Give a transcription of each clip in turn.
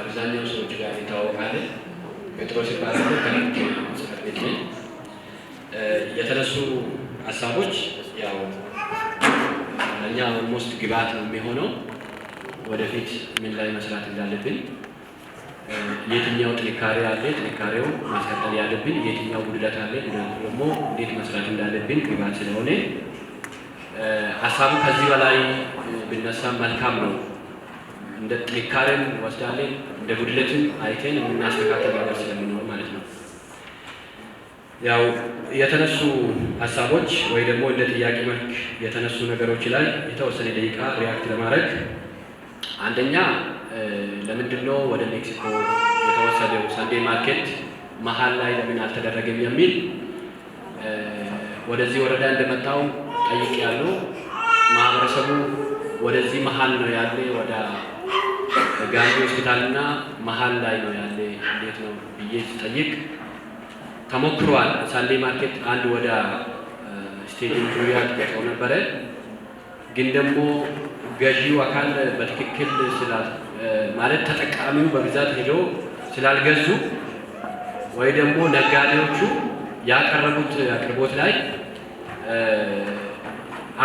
አብዛኛው ሰዎች ጋር ይታወቃል። ጴጥሮስ ይባላል። ከንግድ ጽፈት ቤት ነኝ። የተነሱ ሀሳቦች ያው እኛ ኦልሞስት ግብአት ነው የሚሆነው ወደፊት ምን ላይ መስራት እንዳለብን፣ የትኛው ጥንካሬ አለ፣ ጥንካሬው ማስቀጠል ያለብን፣ የትኛው ጉድለት አለ፣ ጉድለቱ ደግሞ እንዴት መስራት እንዳለብን ግብአት ስለሆነ ሀሳቡ ከዚህ በላይ ብነሳ መልካም ነው። እንደ ጥንካሬም እንወስዳለን፣ እንደ ጉድለትም አይተን የምናስተካከል ነገር ስለሚኖር ማለት ነው። ያው የተነሱ ሀሳቦች ወይ ደግሞ እንደ ጥያቄ መልክ የተነሱ ነገሮች ላይ የተወሰነ ደቂቃ ሪያክት ለማድረግ አንደኛ ለምንድን ነው ወደ ሜክሲኮ የተወሰደው ሰንዴ ማርኬት መሀል ላይ ለምን አልተደረገም የሚል ወደዚህ ወረዳ እንደመጣው ጠይቅ ያሉ ማህበረሰቡ ወደዚህ መሀል ነው ያለ ወደ ጋንዲ ሆስፒታልና መሀል ላይ ነው ያለ እንዴት ነው ብዬ ስጠይቅ ተሞክሯል። ሳንዴ ማርኬት አንድ ወደ ስቴዲየም ዙሪያ ገጠው ነበረ። ግን ደግሞ ገዢው አካል በትክክል ማለት ተጠቃሚው በብዛት ሄዶ ስላልገዙ ወይ ደግሞ ነጋዴዎቹ ያቀረቡት አቅርቦት ላይ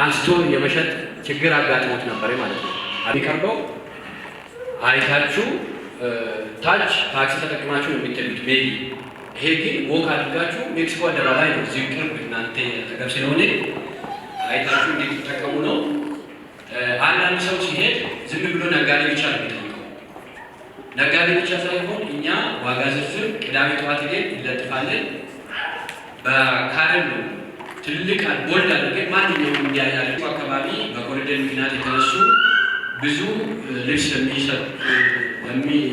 አንስቶ የመሸጥ ችግር አጋጥሞት ነበረ ማለት ነው። የሚቀርበው አይታችሁ ታች ታክሲ ተጠቅማችሁ የሚትሉት ሜቢ ይሄ ግን ወቅ አድርጋችሁ ሜክሲኮ አደባባይ ነው። እዚህ ቅርብ እናንተ አጠገብ ስለሆነ አይታችሁ እንዴት ተጠቀሙ ነው። አንዳንድ ሰው ሲሄድ ዝም ብሎ ነጋዴ ብቻ ነው የሚጠይቀው። ነጋዴ ብቻ ሳይሆን እኛ ዋጋ ዝርዝር ቅዳሜ ጠዋት ሄደን ይለጥፋለን። በካረን ነው ትልቅ ቦልድ አድርገን ማንኛውም እንዲያያለ አካባቢ በኮሪደር ምክንያት የተነሱ ብዙ ልብስ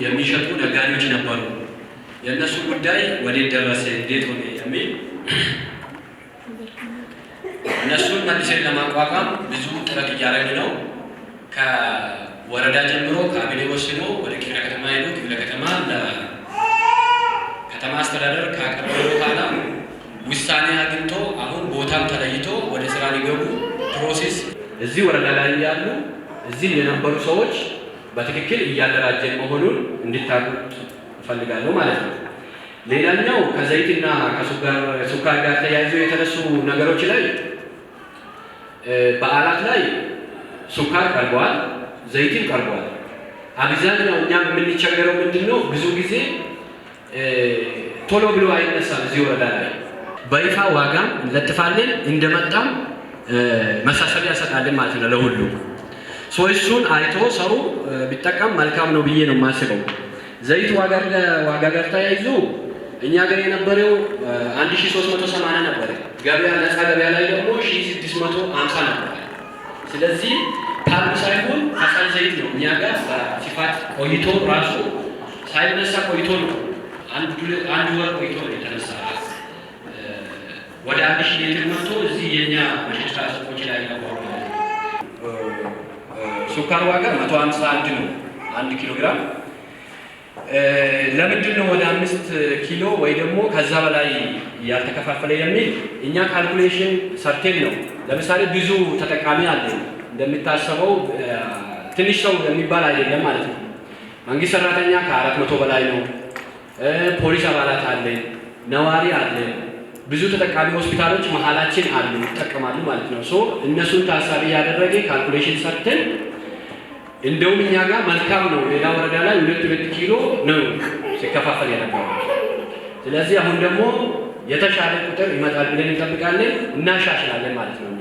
የሚሸጡ ነጋዴዎች ነበሩ። የእነሱ ጉዳይ ወዴት ደረሰ፣ እንዴት ሆነ የሚል እነሱን መልሰን ለማቋቋም ብዙ ጥረት እያደረግን ነው። ከወረዳ ጀምሮ ካቢኔ ወስኖ ወደ ቂራ ከተማ ሄዱ። ኪራ ከተማ ለከተማ አስተዳደር ካቀረበ በኋላ ውሳኔ አግኝቶ አሁን ቦታም ተለይቶ ወደ ስራ ሊገቡ ፕሮሴስ እዚህ ወረዳ ላይ ያሉ እዚህ የነበሩ ሰዎች በትክክል እያደራጀን መሆኑን እንድታቁ እፈልጋለሁ ማለት ነው። ሌላኛው ከዘይትና ከሱካር ጋር ተያይዞ የተነሱ ነገሮች ላይ በዓላት ላይ ሱካር ቀርበዋል፣ ዘይትም ቀርበዋል። አብዛኛው እኛም የምንቸገረው ምንድን ነው? ብዙ ጊዜ ቶሎ ብሎ አይነሳም። እዚህ ወረዳ ላይ በይፋ ዋጋም እንለጥፋለን፣ እንደመጣም መሳሰቢያ ያሰጣለን ማለት ነው ለሁሉ ሰው እሱን አይቶ ሰው ቢጠቀም መልካም ነው ብዬ ነው የማስበው። ዘይት ዋጋ ጋር ተያይዞ እኛ ሀገር የነበረው 1380 ነበር። ገበያ ነፃ ገበያ ላይ ደግሞ 1650 ነበር። ስለዚህ ታሉ ሳይሆን አሳል ዘይት ነው እኛ ጋር ሲፋት ቆይቶ ራሱ ሳይነሳ ቆይቶ ነው አንድ ወር ቆይቶ ነው የተነሳ ወደ አንድ ሺህ ሊትር መጥቶ እዚህ የእኛ መሸጫ ሱቆች ላይ ነበሩ። የስኳር ዋጋ 151 ነው አንድ ኪሎ ግራም። ለምንድን ነው ወደ አምስት ኪሎ ወይ ደግሞ ከዛ በላይ ያልተከፋፈለ የሚል እኛ ካልኩሌሽን ሰርቴን ነው። ለምሳሌ ብዙ ተጠቃሚ አለ እንደሚታሰበው ትንሽ ሰው የሚባል አይደለም ማለት ነው። መንግስት ሰራተኛ ከአራት መቶ በላይ ነው። ፖሊስ አባላት አለ፣ ነዋሪ አለ፣ ብዙ ተጠቃሚ ሆስፒታሎች መሀላችን አሉ ይጠቀማሉ ማለት ነው። እነሱን ታሳቢ ያደረገ ካልኩሌሽን ሰርተን እንደውም እኛ ጋር መልካም ነው። ሌላ ወረዳ ላይ ሁለት ሁለት ኪሎ ነው ሲከፋፈል የነበረ። ስለዚህ አሁን ደግሞ የተሻለ ቁጥር ይመጣል ብለን እንጠብቃለን፣ እናሻሽላለን ማለት ነው እኛ